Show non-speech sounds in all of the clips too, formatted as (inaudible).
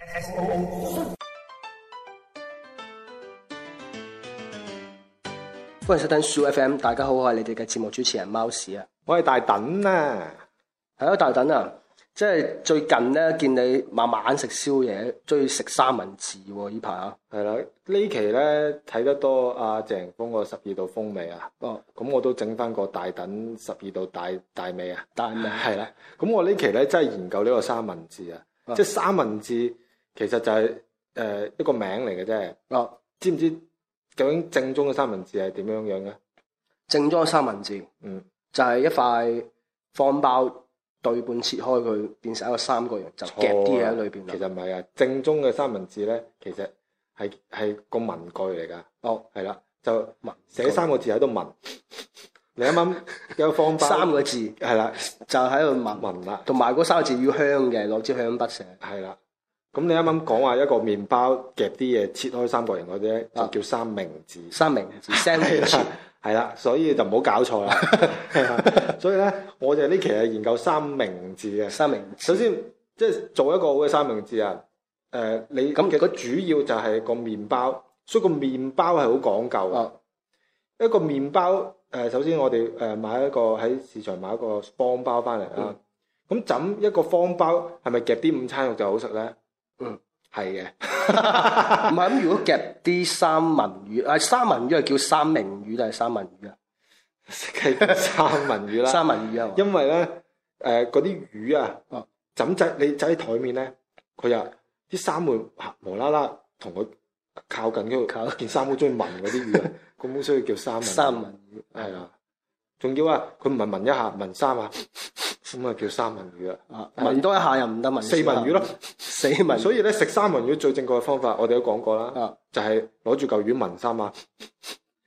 歡迎收睇《Soo FM，大家好，我係你哋嘅節目主持人貓屎啊，我係大等啊，係啊，大等啊，即係最近咧見你晚晚食宵夜，中意食三文治喎、啊，呢排啊，係啦、啊，期呢期咧睇得多阿、啊、謝霆鋒個十二道鋒味啊，哦、嗯，咁我都整翻個大等十二度大大味啊，係、嗯、啦，咁、啊、我呢期呢期咧真係研究呢個三文治啊，嗯、即係三文治。其實就係誒一個名嚟嘅，啫。哦，知唔知究竟正宗嘅三文治係點樣樣嘅？正宗嘅三文治，嗯，就係、是、一塊方包對半切開，佢變成一個三角形，就夾啲嘢喺裏邊。其實唔係啊，正宗嘅三文治咧，其實係係個文具嚟噶。哦，係啦，就寫三個字喺度聞。你啱啱有放包。三個字係啦，就喺度聞聞啦，同埋嗰三個字要香嘅，攞、嗯、支香筆寫。係啦。咁你啱啱講話一個麵包夾啲嘢切開三角形嗰啲，就叫三明治。三明治，三明治，係啦， (laughs) 所以就唔好搞錯啦。 (laughs) (laughs) (laughs) 所以咧，我哋呢期係研究三明治嘅。三明治首先即係做一個好嘅三明治啊。誒、呃，你咁其實主要就係個麵包，所以個麵包係好講究、啊、一個麵包誒、呃，首先我哋誒買一個喺市場買一個方包翻嚟啊。咁、嗯、怎一個方包係咪夾啲午餐肉就好食咧？嗯，係嘅，唔係，咁如果夾啲三文魚，誒，三文魚係叫三明魚定係三文魚啊？係三文魚啦，三文魚啊，因為咧，誒、呃，嗰啲魚啊，枕仔你枕喺台面咧，佢又啲三文無啦啦同佢靠近一件衫好中意聞嗰啲魚，咁所以叫三文三文魚係啊。仲要啊！佢唔係聞一下，聞三下咁啊叫三文魚啦、啊。聞多一下又唔得，聞四文魚咯，四文魚。所以咧，食三文魚最正確嘅方法，我哋都講過啦、啊。就係攞住嚿魚聞三下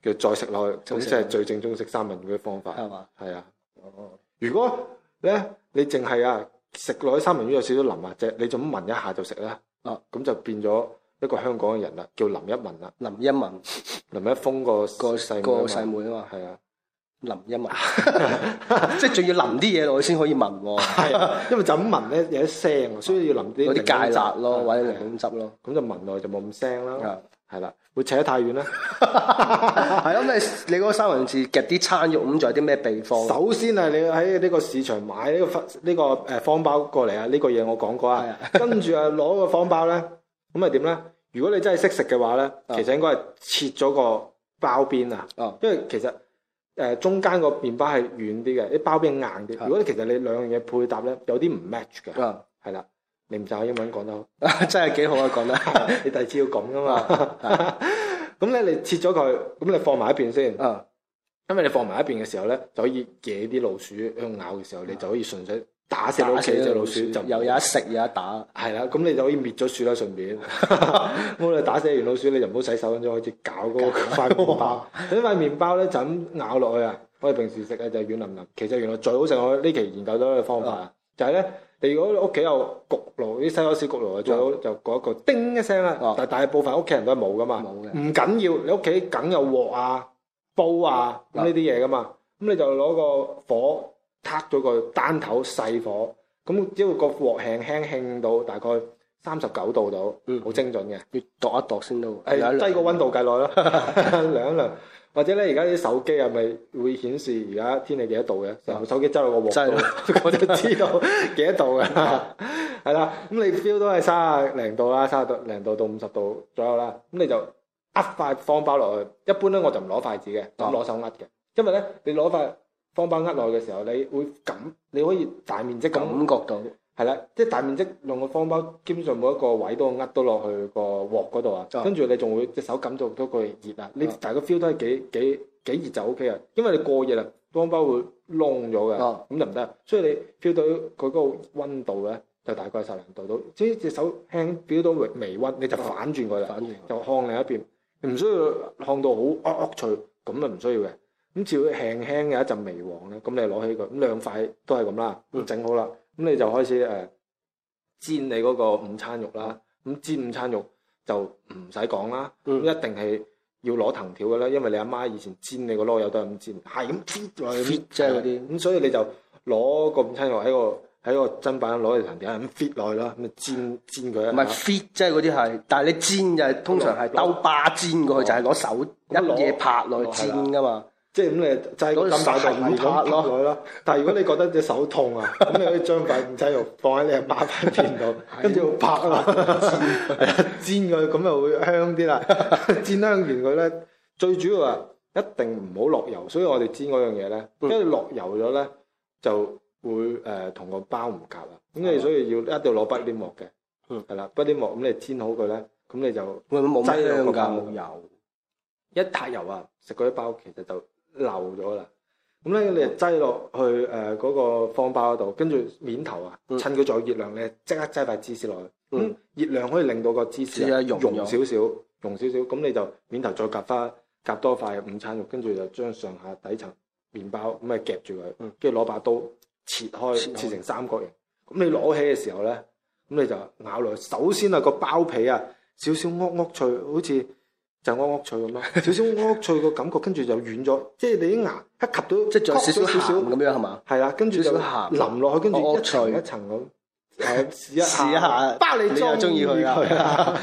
叫 (laughs) 再食落去，咁即係最正宗食三文魚嘅方法。係嘛？係啊、哦。如果咧，你淨係啊食落去三文魚有少少腍或者，就是、你就乜聞一下就食咧？啊，咁就變咗一個香港人啦，叫林一文啦。林一文，林一， (laughs) 林一峰個個細個細妹啊嘛，係啊。淋一埋， (laughs) 即係仲要淋啲嘢落去先可以聞喎。係，因為就咁聞咧有啲腥，所以要淋啲。有啲芥辣咯，或者檸檬汁咯，咁就聞落去就冇咁腥啦。係啦，會扯得太遠啦。係咯，咁你你嗰個三文治夾啲餐肉咁，仲有啲咩秘方？首先係你喺呢個市場買呢、呢個呢、呢個誒、呢個、方包過嚟啊！呢、呢個嘢我講過啊。跟住啊，攞個方包咧，咁係點咧？如果你真係識食嘅話咧，其實應該係切咗個包邊啊。哦。因為其實。誒中間個麵包係軟啲嘅，啲包邊硬啲。如果其實你兩樣嘢配搭咧，有啲唔 match 嘅。係啦，你唔就慣英文講得好， (laughs) 真係幾好啊講得。 (laughs) 你第二次要咁噶嘛？咁咧 (laughs) 你切咗佢，咁你放埋一邊先。因為你放埋一邊嘅時候咧，就可以嘅啲老鼠喺度咬嘅時候，你就可以順勢。打死，打死老鼠就又有一食又有一打，係啦。咁你就可以滅咗鼠啦，順便。咁 (laughs) (laughs) 你打死完老鼠，你就唔好洗手，咁就開始搞嗰塊麵包。呢 (laughs) 塊麵包咧就咁咬落去啊！我哋平時食嘅就軟腍腍。其實原來最好食我呢期研究咗嘅方法啊，就係、是、咧，你如果屋企有焗爐，啲西多士焗爐最好，就嗰個叮一聲啦。但係大部分屋企人都係冇噶嘛，唔緊要。你屋企梗有鑊啊、煲啊咁呢啲嘢噶嘛，咁你就攞個火。撻咗個單頭細火，咁只要個鑊輕輕慶到大概三十九度到，嗯，好精準嘅，要度一度先到。係，低個溫度計耐咯，量一量。或者咧，而家啲手機係咪會顯示而家天氣幾多度嘅？就手機執落個鑊度，我就知道幾多度噶啦。係啦，咁你 feel 都係卅零度啦，卅零度到五十度左右啦。咁你就壓塊方包落去，一般咧我就唔攞筷子嘅，我攞手壓嘅。因為咧，你攞塊。方包握落嘅時候，你會感，你可以大面積咁感覺到，係啦，即係大面積用個方包，基本上每一個位都握到落去個鑊嗰度啊。跟住你仲會隻手感到到佢熱啊。你大概 feel 都係幾幾幾熱就 O K 啊，因為你過熱啦，方包會燶咗嘅，咁就唔得。所以你 feel 到佢嗰個温度咧，就大概十零度到。即隻手輕 feel 到微微温，你就反轉佢啦，就看另一邊，唔需要看到好惡惡脆，咁就唔需要嘅。咁只要輕輕嘅一陣微黃咧，咁你攞起佢，咁兩塊都係咁啦，整好啦，咁、嗯、你就開始誒煎你嗰個午餐肉啦。咁、嗯、煎午餐肉就唔使講啦，嗯、一定係要攞藤條嘅啦，因為你阿媽以前煎你個囉柚都係咁煎，係咁煎，fit 即係嗰啲。咁、就是、所以你就攞個午餐肉喺個喺個砧板攞嚟藤條咁 fit 落去啦。咁煎煎佢啊。唔係 fit 即係嗰啲係，但係你煎就係、是、通常係兜巴煎過去，就係、是、攞手一嘢拍落去煎噶嘛。即係咁嚟製咁大度唔講咯，但係如果你覺得隻手痛啊，咁 (laughs) 你可以將塊午餐肉放喺你嘅板塊邊度，跟住拍佢， (laughs) 拍 (laughs) 煎佢，咁就會香啲啦。 (laughs) 煎香完佢咧，最主要啊，一定唔好落油。所以我哋煎嗰樣嘢咧，跟住落油咗咧，就會同個、呃、包唔夾啦。咁你所以要一定要攞不黏膜嘅，係、嗯、啦，不黏膜咁你煎好佢咧，咁你就冇冇冇乜油冇油。一擦油啊，食嗰包其實就～流咗啦，咁咧你就擠落去誒嗰、嗯呃那個方包嗰度，跟住面頭啊、嗯，趁佢仲有熱量咧，即刻擠塊芝士落去，咁、嗯、熱量可以令到個芝士溶少少，溶少少，咁你就面頭再夾翻，夾多塊午餐肉，跟住就將上下底層麵包咁咪夾住佢，跟住攞把刀切開，切開，切成三角形，咁、嗯、你攞起嘅時候咧，咁你就咬落去、嗯，首先啊個包皮啊，少少屈屈脆，好似～就噏噏脆咁咯，少少噏脆個感覺，跟住就軟咗，即係你啲牙一及到，即係少少，少少鹹咁樣係嘛？係啦，跟住就淋落去，跟住一層一層咁 (laughs) 這，試 (laughs) 一下，包你中意佢啦。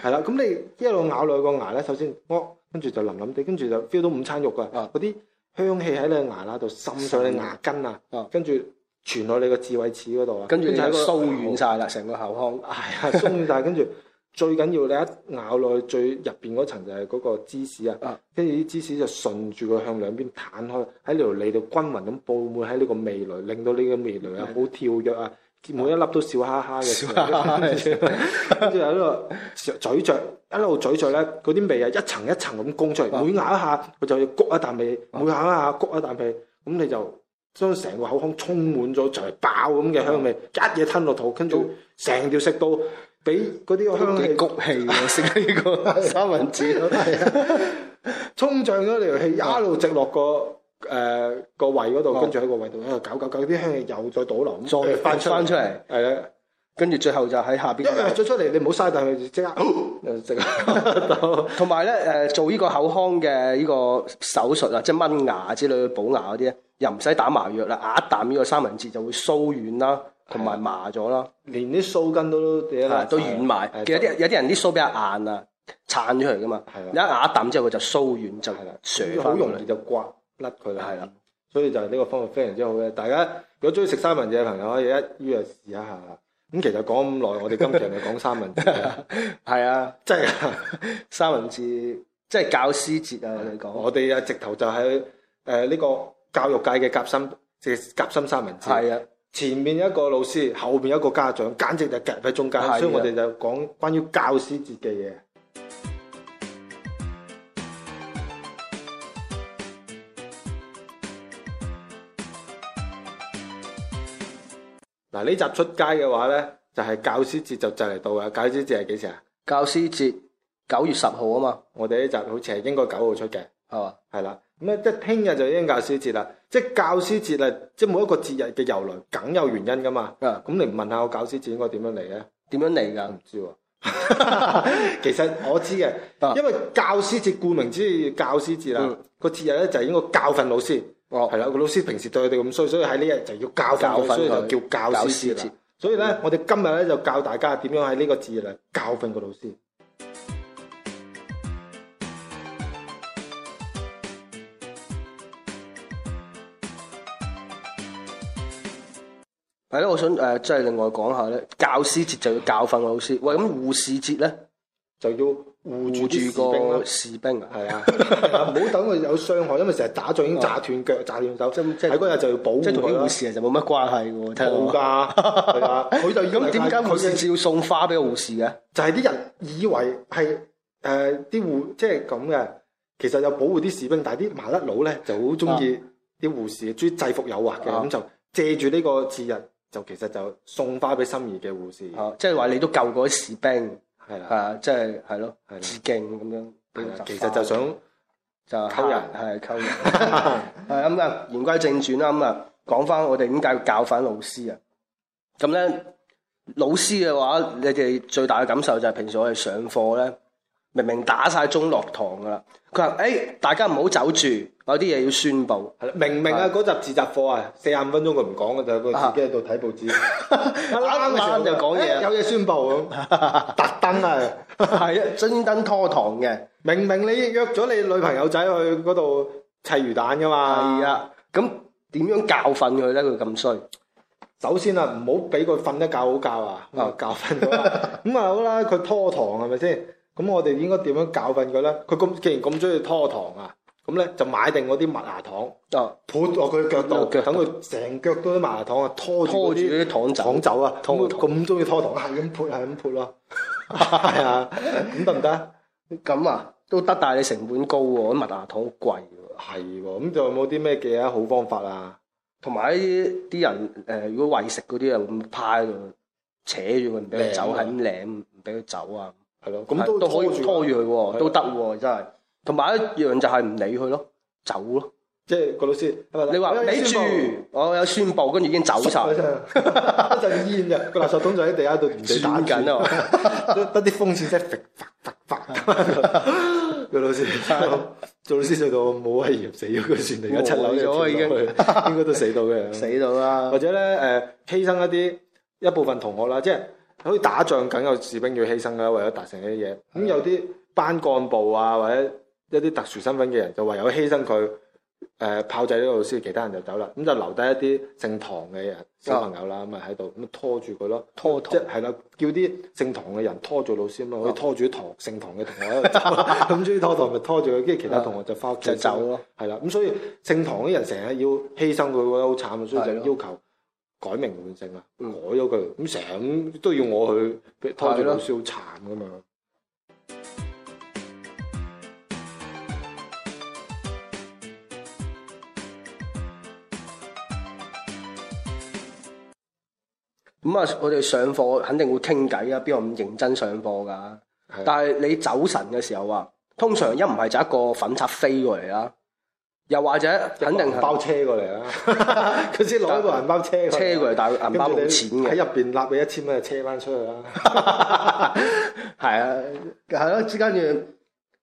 係 (laughs) 啦歡，咁 (laughs) (laughs) 你一路咬落去個牙咧，首先噏，跟住就淋淋地，跟住就 feel 到午餐肉㗎。嗰啲香氣喺你牙罅度滲上你牙根啊，跟住傳落你個智慧齒嗰度啊， (laughs) 跟住就酥軟晒啦，成個口腔鬆晒。跟住。最緊要你一咬落去，最入邊嗰層就係嗰個芝士啊，跟住啲芝士就順住佢向兩邊彈開，喺呢條脷度均勻咁布滿喺呢個味蕾，令到呢個味蕾啊好跳躍啊，每一粒都笑哈哈嘅，笑哈哈，跟住喺度咀嚼，一路咀嚼咧，嗰啲味啊一層一層咁供出嚟，每咬一下佢就要谷一啖味，每咬一下谷一啖味，咁你就將成個口腔充滿咗就係爆咁嘅香味，一嘢吞落肚，跟住成條食到。俾嗰啲香氣焗氣，食呢個三文治，沖脹咗條氣，一路直落個誒、呃、個胃嗰度、哦，跟住喺個胃度喺度搞搞搞，啲香氣又再倒流，再翻出嚟。係啦，跟住最後就喺下邊再出嚟。你唔好嘥大去即刻，即刻。同埋咧誒做呢個口腔嘅呢個手術啊，即係掹牙之類補牙嗰啲，又唔使打麻藥啦，咬一啖呢個三文治就會酥軟啦。同埋麻咗咯，連啲鬚根都都軟埋，其實有啲有啲人啲鬚比較硬啊，撐出嚟噶嘛，一壓一揼之後佢就酥軟就，好容易就刮甩佢啦。係啦，所以就呢個方法非常之好嘅。大家如果中意食三文治嘅朋友，可以一於試試一下。咁、嗯、其實講咁耐， (laughs) 我哋今期就講三文治。係 (laughs) 啊是的，即 (laughs) 係三文治，即係教師節啊！我哋講，我哋啊直頭就係、是、呢、呃呢個教育界嘅夾心，即係夾心三文治。啊。前面一個老師，後面一個家長，簡直就夾喺中間。所以我哋就講關於教師節嘅嘢。嗱、嗯、呢集出街嘅話咧，就係、是、教師節就就嚟到啦。教師節係幾時啊？教師節九月十號啊嘛。我哋呢集好似係應該九號出嘅，係嘛？係啦，咁咧即係聽日就已經教師節啦。即係教師節啊！即係每一個節日嘅由來梗有原因噶嘛？咁、嗯、你唔問下我教師節應該點樣嚟呢？點樣嚟噶？唔知喎。其實我知嘅，因為教師節顧名思義教師節啦。個、嗯、節日咧就係應該教訓老師。哦，係啦，個老師平時對佢哋咁衰，所以喺呢日就要教訓教訓，就叫教師節。所以呢，我哋今日咧就教大家點樣喺呢個節日嚟教訓個老師。嗯、我想誒，即、呃、係另外講下咧，教師節就要教訓老師。喂，咁、嗯、護士節咧，就要護住，護住個士兵，係 (laughs) 啊，唔好等佢有傷害，因為成日打仗已經炸斷， (laughs) 炸斷腳、炸斷手，即係嗰日就要保護。即係同啲護士就冇乜關係喎，冇㗎，係啊。佢、啊啊、就咁點解護士要送花俾個護士嘅？就係、是、啲人以為係誒啲護，即係咁嘅。其實有保護啲士兵，但係啲麻甩佬咧就好中意啲護士，中、啊、意制服誘惑嘅，咁、啊嗯、就借住呢個節日。就其實就送花俾心儀嘅護士，即係話你都救過啲士兵，係啊，即係係咯，致敬咁樣。其實就想就溝人，係溝人。係咁啊，言歸正傳啦，咁啊，講翻我哋點解要教訓老師啊？咁咧，老師嘅話，你哋最大嘅感受就係平時我哋上課咧，明明打晒鐘落堂噶啦，佢話，誒、欸，大家唔好走住。有啲嘢要宣布，明明啊嗰集自習課啊四十五分鐘佢唔講嘅，就自己喺度睇報紙，啱啱嘅時候就講嘢，欸，有嘢宣布咁， (laughs) 特登啊係啊專登拖堂嘅，明明你約咗你女朋友仔去嗰度砌魚蛋噶嘛，係啊，咁點樣教訓佢咧？佢咁衰，首先啊唔好俾佢瞓得覺好覺啊，啊、嗯、教訓佢咁啊好啦，佢拖堂係咪先？咁我哋應該點樣教訓佢咧？佢咁既然咁中意拖堂啊？咁咧就買定嗰啲麥芽糖，就、啊、潑落佢腳度，等佢成腳都啲麥芽糖，糖，糖啊，拖拖住啲糖糖走啊，咁中意拖糖，係、啊、咁潑，係咁潑咯。係啊，咁得唔得？咁啊都得，但係你成本高喎、啊，啲麥芽糖好貴喎、啊。係喎、啊，咁仲有冇啲咩嘅好方法啊？同埋啲啲人誒、呃，如果餵食嗰啲啊，咁派喺度扯住佢唔俾佢走，係咁攬唔俾佢走啊。係咯，咁都可以拖住佢喎，都得喎、啊啊啊，真係。同埋一樣就係唔理佢咯，走咯，即、就、係、是、個老師。你話你、哎、住，我、哦、有宣佈，跟住已經走晒一陣 (laughs) 煙咋？個垃圾桶就喺地下度亂打緊啊！得得啲風扇聲，拂拂拂拂。 (laughs) 個老師 (laughs) 做老師做 (laughs) 到冇威嚴，死咗佢算。提，而家七樓咗，轉過應該都死到嘅。 (laughs) 死到啦！或者咧誒、呃，犧牲一啲一部分同學啦，即係可以打仗，梗有士兵要犧牲嘅，為咗達成呢啲嘢。咁有啲班幹部啊，或者。一啲特殊身份嘅人就唯有犧牲佢，誒、呃、炮製呢個老師，其他人就走啦，咁就留低一啲姓唐嘅人小朋友啦，咁喺度咁拖住佢咯，拖堂，即係啦，叫啲姓唐嘅人拖住老師嘛，可以拖住唐姓唐嘅同學走，咁所以拖堂咪拖住佢，跟住其他同學就翻屋企走咯，係啦，咁所以姓唐啲人成日要犧牲佢，覺得好慘啊，所以就要求改名換姓啦，改咗佢，咁成日都要我去拖住老師好慘噶嘛。咁啊，我哋上課肯定會傾偈啊，邊個咁認真上課噶？但係你走神嘅時候啊，通常一唔係就一個粉刷飛過嚟啦，又或者肯定係銀包車過嚟啦，佢先攞一個銀包車過車過嚟，但銀包冇錢嘅，喺入面揦你一千蚊，車翻出去啦。係 (laughs) 啊， (laughs) 係咯，跟住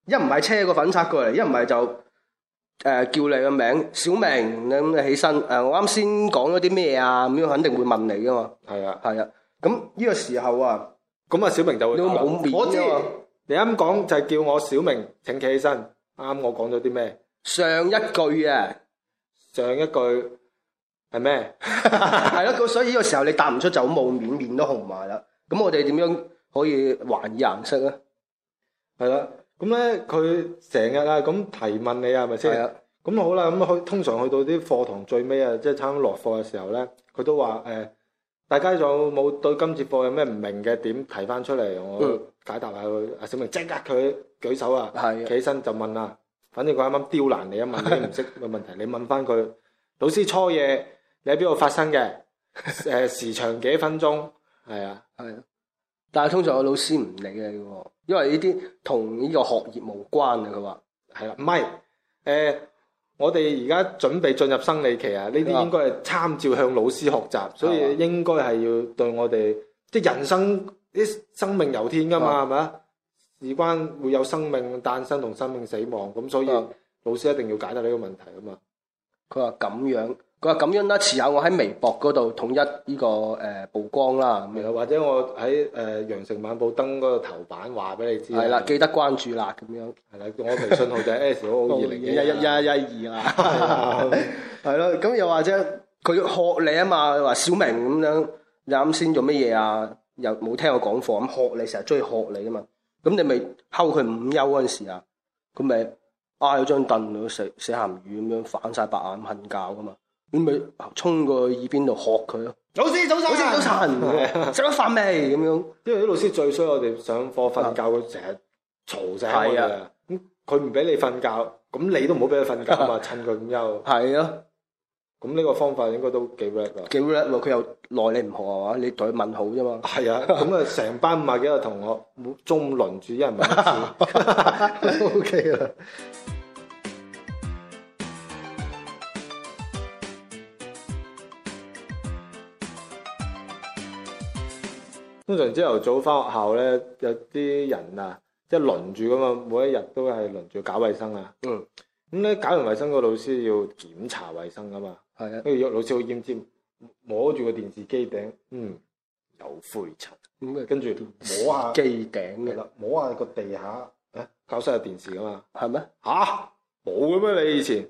一唔係車個粉刷過嚟，一唔係就。誒、呃，叫你嘅名，小明，你咁起身。誒、呃，我啱先講咗啲咩啊？咁樣肯定會問你噶嘛。係啊，係啊。咁呢、啊、個時候啊，咁啊，小明就會好冇面、啊、我知咯。你啱講就係叫我小明，請企起身。啱我講咗啲咩？上一句啊，上一句係咩？係 (laughs) 咯、啊，所以呢個時候你答唔出就好冇面，面都紅埋啦。咁我哋點樣可以還以顏色咧、啊？係啦、啊。咁咧，佢成日啊咁提問你係啊，咪先。咁好啦，咁去通常去到啲課堂最尾啊，即係差唔多落課嘅時候咧，佢都話大家仲有冇對今節課有咩唔明嘅，點提翻出嚟，我解答下佢。阿、嗯啊、小明即刻佢舉手啊，企起身就問啦，反正佢啱啱刁難你一問你唔識嘅問題， (laughs) 你問翻佢。老師初夜你喺邊度發生嘅？誒時長幾分鐘？係啊，啊，係。但係通常我老師唔理你喎。因為呢啲同呢個學業無關啊，佢話係啦，唔係誒，我哋而家準備進入生理期啊，呢啲應該係參照向老師學習，所以應該係要對我哋即係人生啲生命由天噶嘛，係咪啊？事關會有生命誕生同生命死亡，咁所以老師一定要解答呢個問題啊嘛。佢話咁樣。佢話咁樣啦，遲下我喺微博嗰度統一呢個誒曝光啦，又或者我喺誒《羊、呃、城晚報》登嗰個頭版話俾你知。係啦，記得關注啦，咁樣。係啦，我微信號就係 S 二零二。一一一一二啦。係 (laughs) 咯，咁又或者佢學你啊嘛？話小明咁樣，你啱先做乜嘢啊？又冇聽我講課咁學你，成日鍾意學你啊嘛？咁你咪敲佢午休嗰陣時啊，佢咪挨咗張凳嚟食鹹魚咁樣，反晒白眼咁瞓覺噶嘛？你咪衝過去耳邊度學佢咯，老師早晨，老師早晨，食咗飯未？咁、啊、樣，因為啲老師最衰，我哋上課瞓覺，佢成日嘈醒我嘅。咁佢唔俾你瞓覺，咁你都唔好俾佢瞓覺啊，覺嘛趁佢咁休。係啊，咁呢個方法應該都幾叻啊，幾叻！佢又耐你唔學啊嘛，你同佢問好啫嘛。係啊，咁啊，成班五廿幾個同學，中午輪住一人問一次 (laughs) (laughs) ，OK 啊。通常朝頭早翻學校咧，有啲人啊，即係輪住噶嘛，每一日都係輪住搞衛生啊。嗯，咁咧搞完衛生個老師要檢查衛生噶嘛。係啊，跟住老師好奄尖，摸住個電視機頂，嗯，有灰塵。咁跟住摸下機頂嘅啦，摸下個地下。啊，教室有電視噶嘛？係咩？吓，冇嘅咩？你以前？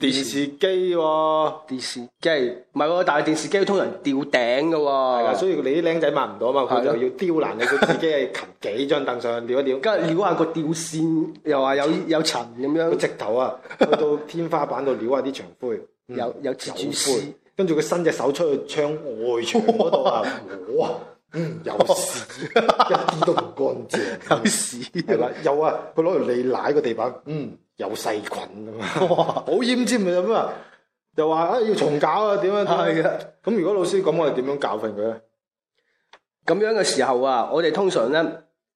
電視機喎、啊，電視機唔係、啊，但係電視機通常吊頂嘅喎、啊，所以你啲僆仔抹唔到啊嘛，佢就要刁難你，佢自己係擒幾張凳上去撩一撩，跟住撩下個吊線，又話有有塵咁樣，直頭啊， (laughs) 去到天花板度撩下啲牆灰，有、嗯、有黐灰，跟住佢伸隻手出去窗外窗嗰度啊，我 (laughs) 啊。嗯，有屎、哦，一啲都唔乾淨，有屎係嘛？有啊，佢攞嚟你奶個地板，嗯，有細菌咁嘛，好醃尖咪咁啊，又話啊、哎、要重搞啊，點樣？係嘅。咁如果老師咁，我哋點樣教訓佢咧？咁樣嘅時候啊，我哋通常咧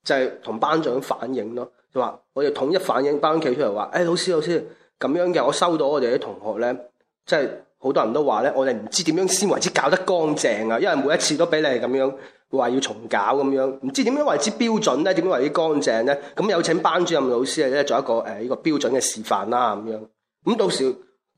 就係同班長反映咯，就話我哋統一反映班企出嚟話，誒、哎，老師老師，咁樣嘅我收到我哋啲同學咧，即係好多人都話咧，我哋唔知點樣先為之搞得乾淨啊，因為每一次都俾你係咁樣。話要重搞咁樣，唔知點樣為之標準咧？點樣為之乾淨咧？咁有請班主任老師咧做一個誒呢個標準嘅示範啦咁樣。咁到時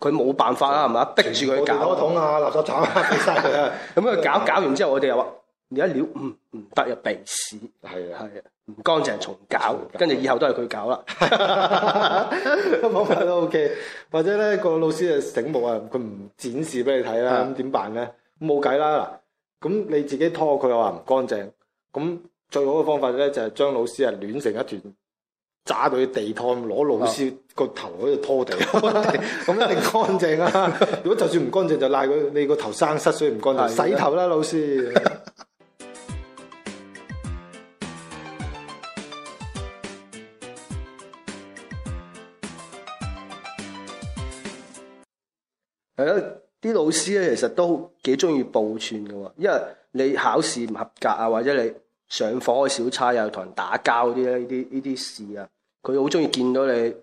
佢冇辦法啦，係咪？逼住佢搞桶啊，垃圾桶啊，咁 (laughs) 佢殺了 (laughs) 他搞 (laughs) 搞完之後我，我哋又話而家料唔唔得入鼻屎，係啊係啊，唔乾淨重搞，跟住以後都係佢搞啦。 (laughs) (laughs) 都冇計啦，O K。或者咧個老師啊醒目啊，佢唔展示俾你睇啦，咁點辦咧？冇計啦嗱。咁你自己拖佢又話唔乾淨，咁最好嘅方法咧就係將老師啊亂成一團，揸到去地拖攞老師個頭喺度拖地，咁 (laughs) (laughs) 一定乾淨啊！ (laughs) 如果就算唔乾淨，就賴佢你個頭生濕水唔乾淨， (laughs) 洗頭啦，老師。 (laughs) 老師咧，其實都幾中意報串嘅，因為你考試唔合格啊，或者你上課開小差又同人打交啲咧，呢啲呢啲事啊，佢好中意見到你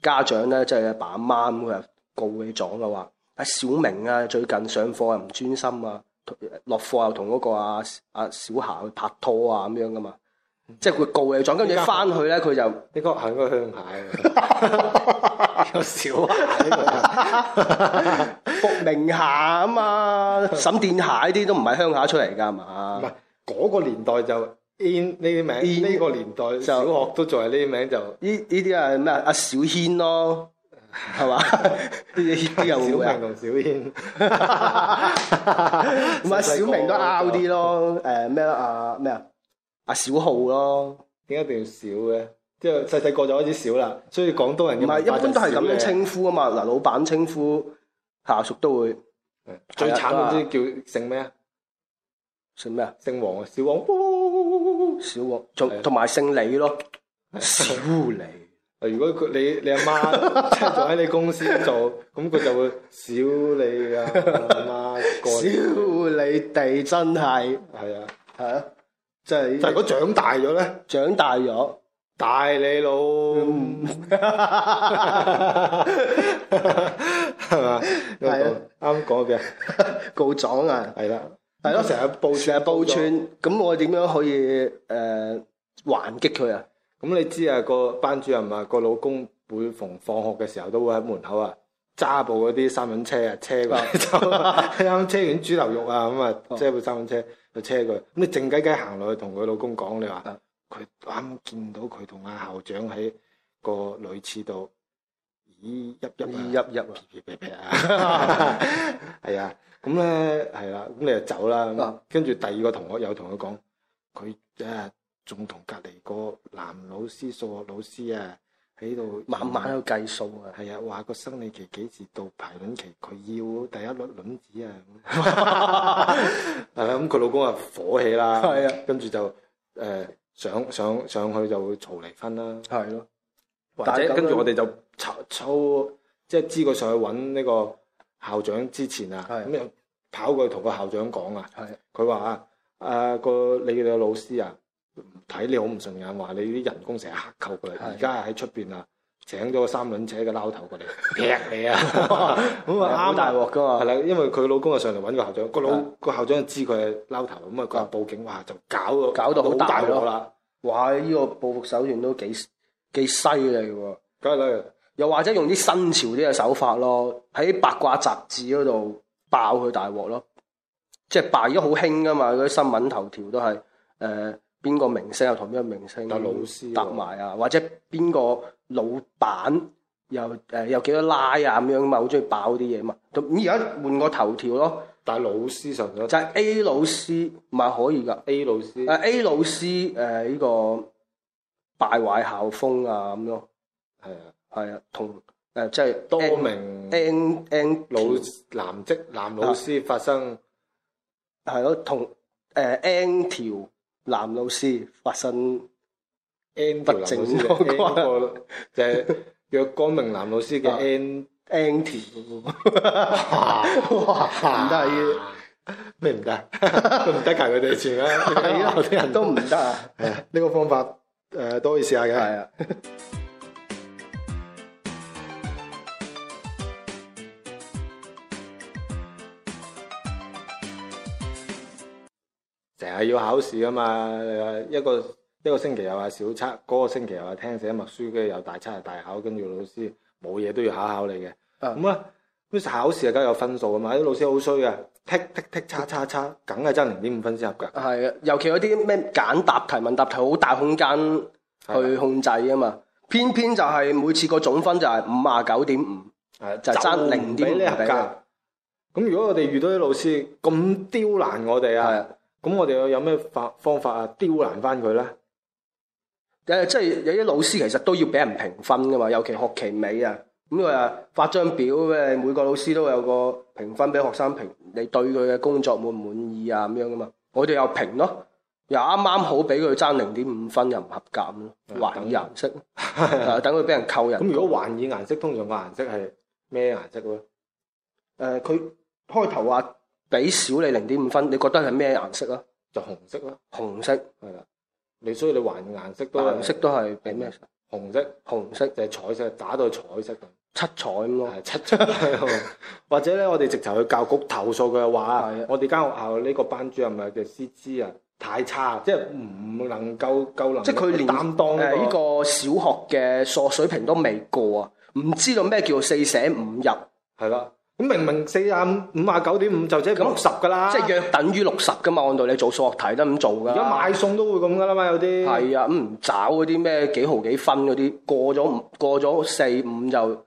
家長咧，即係阿爸阿媽，咁佢又告你狀嘅話，啊小明啊，最近上課又唔專心啊，落課又同嗰個阿阿小霞去拍拖啊咁樣噶嘛，即係佢告你狀，跟住翻去咧，佢就你個係個鄉下。 (laughs) 有少啊，霍明霞啊嘛，沈殿霞呢啲都唔係鄉下出嚟㗎嘛。唔係嗰個年代就 in 呢啲名，呢個年代小學都在呢啲名就。呢依啲係咩啊？小軒咯，係嘛？呢啲又小明同小軒，唔係小明都 out 啲咯。誒咩啊？阿咩啊？阿小浩咯，點解一定要少嘅？即係細細個就是、小小開始少啦，所以廣東人唔係一般都係咁樣稱呼啊嘛呼。嗱，老闆稱呼下屬都會，啊、最慘嗰啲叫姓咩啊？姓咩啊？姓王啊，小王，小王，仲同埋姓李咯，啊、小李。如果佢你你阿媽仲喺你公司做，咁 (laughs) 佢就會小你噶阿媽。小你地真係係啊，係、就、啊、是，即但係如果長大咗咧，長大咗。大你老，係、嗯、嘛？啱講嘅，啊、剛剛 (laughs) 告狀啊？係啦、啊，係咯、啊，成日報成日報串，咁我點樣可以誒、呃、還擊佢啊？咁你知啊個班主任啊、那個老公，每逢放學嘅時候都會喺門口啊揸部嗰啲三輪車啊車過、那、嚟、個，啱 (laughs) (laughs) (laughs) 車完豬牛肉啊咁啊，揸部三輪車去、哦、車佢，咁你靜雞雞行落去同佢老公講你話。 (laughs) 佢啱見到佢同阿校長喺個女廁度，咦，一、一、一、一，劈劈劈劈啊！係 (laughs) 啊，咁咧係啦，咁、啊、你就走啦。跟、嗯、住第二個同學又同佢講，佢誒仲同隔籬個男老師、數學老師啊，喺度慢慢喺度計數啊。係啊，話個生理期幾時到排卵期，佢要第一粒卵子啊。係、嗯、 (laughs) (laughs) 啊，咁佢老公啊火起啦。係啊，跟住就誒。啊上上上去就會嘈離婚啦，係咯，或者跟住我哋就抽，即係知佢上去揾呢個校長之前啊，咁又跑過去同個校長講啊，佢話啊，誒個你哋個老師啊，睇你好唔順眼，話你啲人工成日克扣佢，而家喺出面啊。請咗個三輪車嘅撈頭過嚟劈你啊！咁啊啱大鑊噶嘛？係、嗯、啦、嗯，因為佢老公啊上嚟搵個校長，個老個校長就知佢係撈頭，咁啊佢話報警話就搞，搞到好大鑊啦！哇！呢、呢個報復手段都幾幾犀利喎！梗係啦，又或者用啲新潮啲嘅手法咯，喺八卦雜誌嗰度爆佢大鑊咯，即係爆咗好興噶嘛！佢啲新聞頭條都係誒邊個明星啊同邊個明星搭老師搭埋啊答，或者邊個？老闆又誒、呃、又幾多拉啊，咁樣東西嘛，好中意爆啲嘢嘛。咁而家換個頭條咯。但係老師上就就係、係 A 老師，咪可以㗎 A 老師。誒、呃、A 老師誒呢、呃，這個敗壞校風啊咁咯。係啊，係啊，同誒、呃、即係多名 N N 老男職男老師發生係咯，同誒 N 條男老師發生。不正光光，的 n, n, (laughs) 就係叫光明男老師嘅 n anti，唔得啊！咩唔得？ (laughs) (laughs) 都唔得教佢哋先啦，啲 (laughs) 人都唔得啊！係啊，呢個方法誒、呃，都可以試下嘅。係 (laughs) 啊、嗯，成 (laughs) 日要考試啊嘛，一個。一、這個星期又係小測，嗰、那個星期又係聽寫默書住又大測又大考，跟住老師冇嘢都要考考你嘅。咁、啊、咧考試啊梗有分數噶嘛，啲老師好衰嘅，剔剔剔叉叉叉，梗係爭零點五分先合格。係啊，尤其有啲咩簡答提問、答題好大空間去控制啊嘛，偏偏就係每次個總分就係五啊九點五，就爭零點五合格。咁如果我哋遇到啲老師咁刁難我哋啊，咁我哋又有咩法方法啊刁難翻佢咧？誒，即係有啲老師其實都要俾人評分噶嘛，尤其是學期尾啊。咁佢話發張表嘅，每個老師都有個評分俾學生評，你對佢嘅工作滿唔滿意啊？咁樣噶嘛。我哋又評咯，又啱啱好俾佢爭零點五分，又唔合格咁咯。還以顏色咯，等佢俾人扣人。咁如果還以顏色，通常個顏色係咩顏色咯？誒、呃，佢開頭話俾少你零點五分，你覺得係咩顏色咯？就紅色咯。紅色係啦。你所以你還顏色都顏色都係俾咩？紅色，紅色，紅色就係、是、彩色，打到彩色七彩咁咯。係七彩， (laughs) 或者咧，我哋直頭去教育局投訴佢嘅話，我哋間學校呢個班主任係嘅師資啊太差，即係唔能夠夠能即係佢連擔當誒呢個小學嘅數學水平都未過啊，唔知道咩叫四捨五入係啦。咁明明四啊五五啊九點五就即係六十噶啦，即係約等於六十噶嘛？按道理做數學題都咁做噶。而家買餸都會咁噶啦嘛？有啲係啊，唔找嗰啲咩幾毫幾分嗰啲，過咗過咗四五就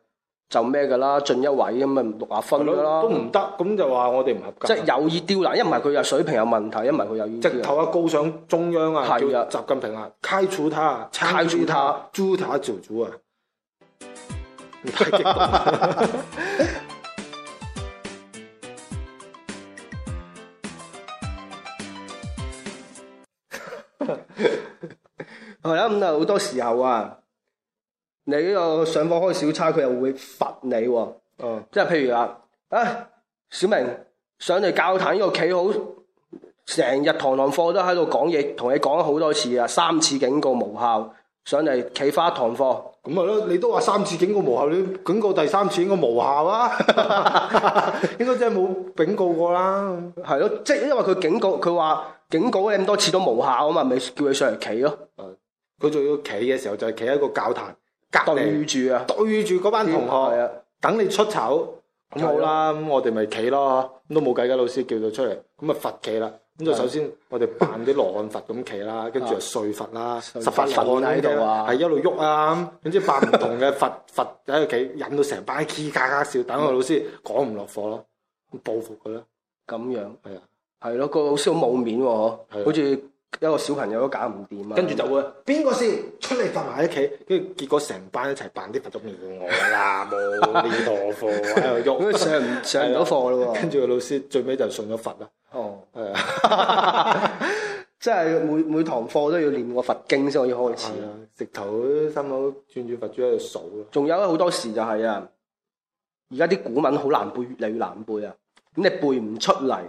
就咩噶啦，進一位咁啊六啊分噶都唔得，咁就話我哋唔合格。即係有意刁難，一唔係佢又水平有問題，一唔係佢有意。直頭啊，告上中央啊，叫習近平啊，開除他，開除他，誅他九族啊！ (laughs) (laughs) 係啦，咁就好多時候啊，你呢個上課開小差，佢又會罰你喎、啊。嗯、即係譬如啊啊，小明上嚟教壇呢個企好，成日堂堂課都喺度講嘢，同你講好多次啊，三次警告無效，上嚟企翻一堂課。咁咪咯，你都話三次警告無效，你警告第三次應該無效啊？ (laughs) (laughs) 應該真係冇警告過啦。係咯，即係因為佢警告，佢話警告你咁多次都無效啊嘛，咪叫佢上嚟企咯。佢仲要企嘅時候，就係企喺個教壇隔籬住啊，對住嗰班同學，嗯、等你出醜咁、嗯、好啦，咁我哋咪企咯，咁都冇計㗎。老師叫佢出嚟，咁啊罰企啦。咁就首先我哋扮啲羅漢佛咁企啦，跟住就睡佛啦，十佛，佛，佛羅漢喺度啊，喺 (laughs) 一路喐啊，咁之扮唔同嘅佛佛喺度企，引到成班企架架笑，等個老師講唔落課咯，咁報復佢咯。咁樣係啊，係咯，個老師好冇面喎，好似～一個小朋友都搞唔掂啊！跟住就會邊個先出嚟瞓埋喺屋企，跟住結果成班一齊扮啲佛祖面我啦，冇呢堂課喐，上唔上唔到課咯？跟住個老師最尾就送咗佛啦。哦，係啊， (laughs) (laughs) 即係每每堂課都要念個佛經先可以開始。係啊，直頭心口轉轉佛珠喺度數。仲有好多時就係、是、啊，而家啲古文好難，難背，越嚟越難背啊！咁你背唔出嚟？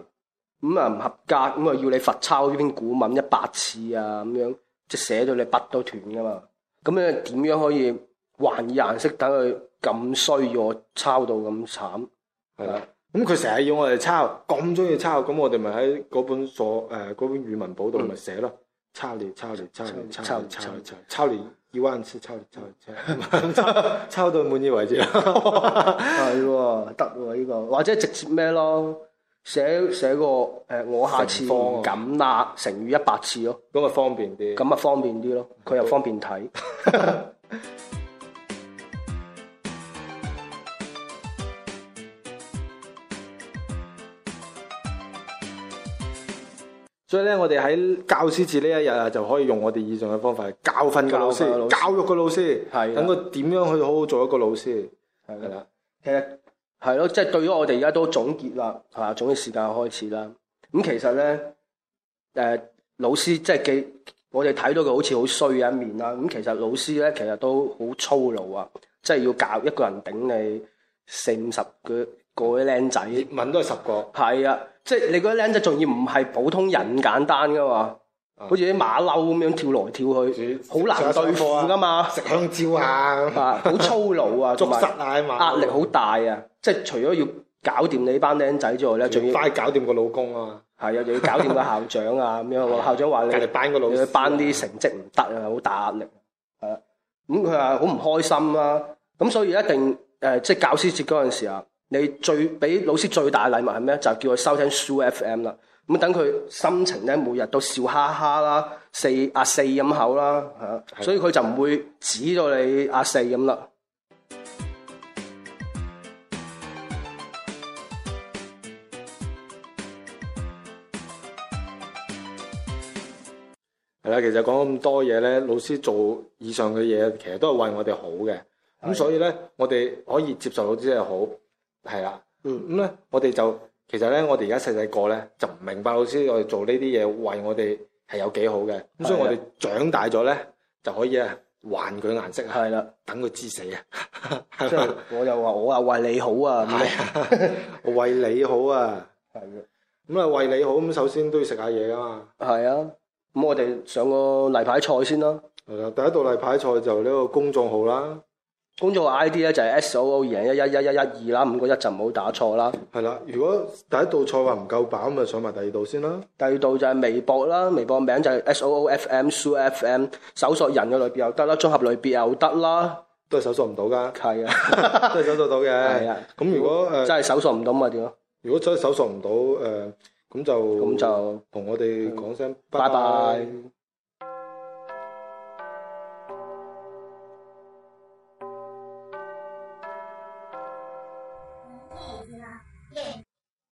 咁啊唔合格，咁啊要你罰抄呢篇古文一百次啊，咁樣即係寫到你筆都斷噶嘛。咁你點樣可以還以顏色等佢咁衰？弱，抄到咁慘，係啦。咁佢成日要我哋抄，咁中意抄，咁我哋咪喺嗰本所誒嗰本語文簿度咪寫咯、嗯，抄嚟抄嚟抄嚟抄嚟抄嚟抄，抄，抄，抄， (laughs) 抄，抄嚟一萬次抄抄抄，到滿意為止。係 (laughs) 喎、 (laughs) 啊，得喎呢個，或者直接咩咯？寫寫個誒、呃，我下次唔敢啦，成語一百次咯。咁咪方便啲。咁咪方便啲咯，佢又方便睇。 (laughs) 所以咧，我哋喺教師節呢一日啊，就可以用我哋以上嘅方法去教訓個老師，教育個老師，係等佢點樣去好好做一個老師，係啦。其實。係咯，即係對於我哋而家都總結啦，係啊，總結時間開始啦。咁其實咧，誒、呃、老師即係幾我哋睇到佢好似好衰一面啦。咁其實老師咧，其實都好粗魯啊，即係要教一個人頂你四五十個個僆仔，問都係十個。係啊，即係你嗰啲僆仔仲要唔係普通人簡單噶嘛，好似啲馬騮咁樣跳來跳去，好難對付噶嘛，食香蕉啊，好 (laughs) 粗魯啊，壓、 (laughs) 啊、力好大啊。即係除咗要搞掂你班僆仔之外咧，仲要快搞掂個老公啊！係又要搞掂個校長啊咁樣， (laughs) 校長話你班個老班啲成績唔得啊，好大壓力。咁佢話好唔開心啦。咁所以一定、嗯、即係教師節嗰陣時啊，你最俾老師最大禮物係咩？就叫佢收聽 Soo FM 啦。咁等佢心情咧，每日都笑哈哈啦，四阿、啊、四咁口啦。所以佢就唔會指到你阿、啊、四咁啦。其實講咁多嘢咧，老師做以上嘅嘢，其實都係為我哋好嘅。咁所以咧，我哋可以接受到啲嘢好，係啦。咁、嗯、咧，我哋就其實咧，我哋而家細細個咧，就唔明白老師我哋做呢啲嘢為我哋係有幾好嘅。咁所以我哋長大咗咧，就可以啊，還佢顏色，係啦，等佢知死 (laughs) 啊。所以我又話我啊為你好啊，我 (laughs) 為你好啊。咁啊為你好，咁首先都要食下嘢噶嘛。係啊。咁我哋上個例牌菜先啦。係啦，第一道例牌菜就呢個公眾號啦。公眾號 I D 咧就係 S O O 二零一一一一一二啦，五個一就唔好打錯啦。係啦，如果第一道菜話唔夠飽咁就上埋第二道先啦。第二道就係微博啦，微博名就係 S O O F M S U F M，搜索人嘅類別又得啦，綜合類別又得啦都。 (laughs) 都係搜索唔到噶。係啊，都係搜索到嘅。係啊。咁 (laughs) 如果誒、呃，真係搜索唔到咪啊點？如果真係搜索唔到誒。呃咁就咁就同我哋講聲拜拜。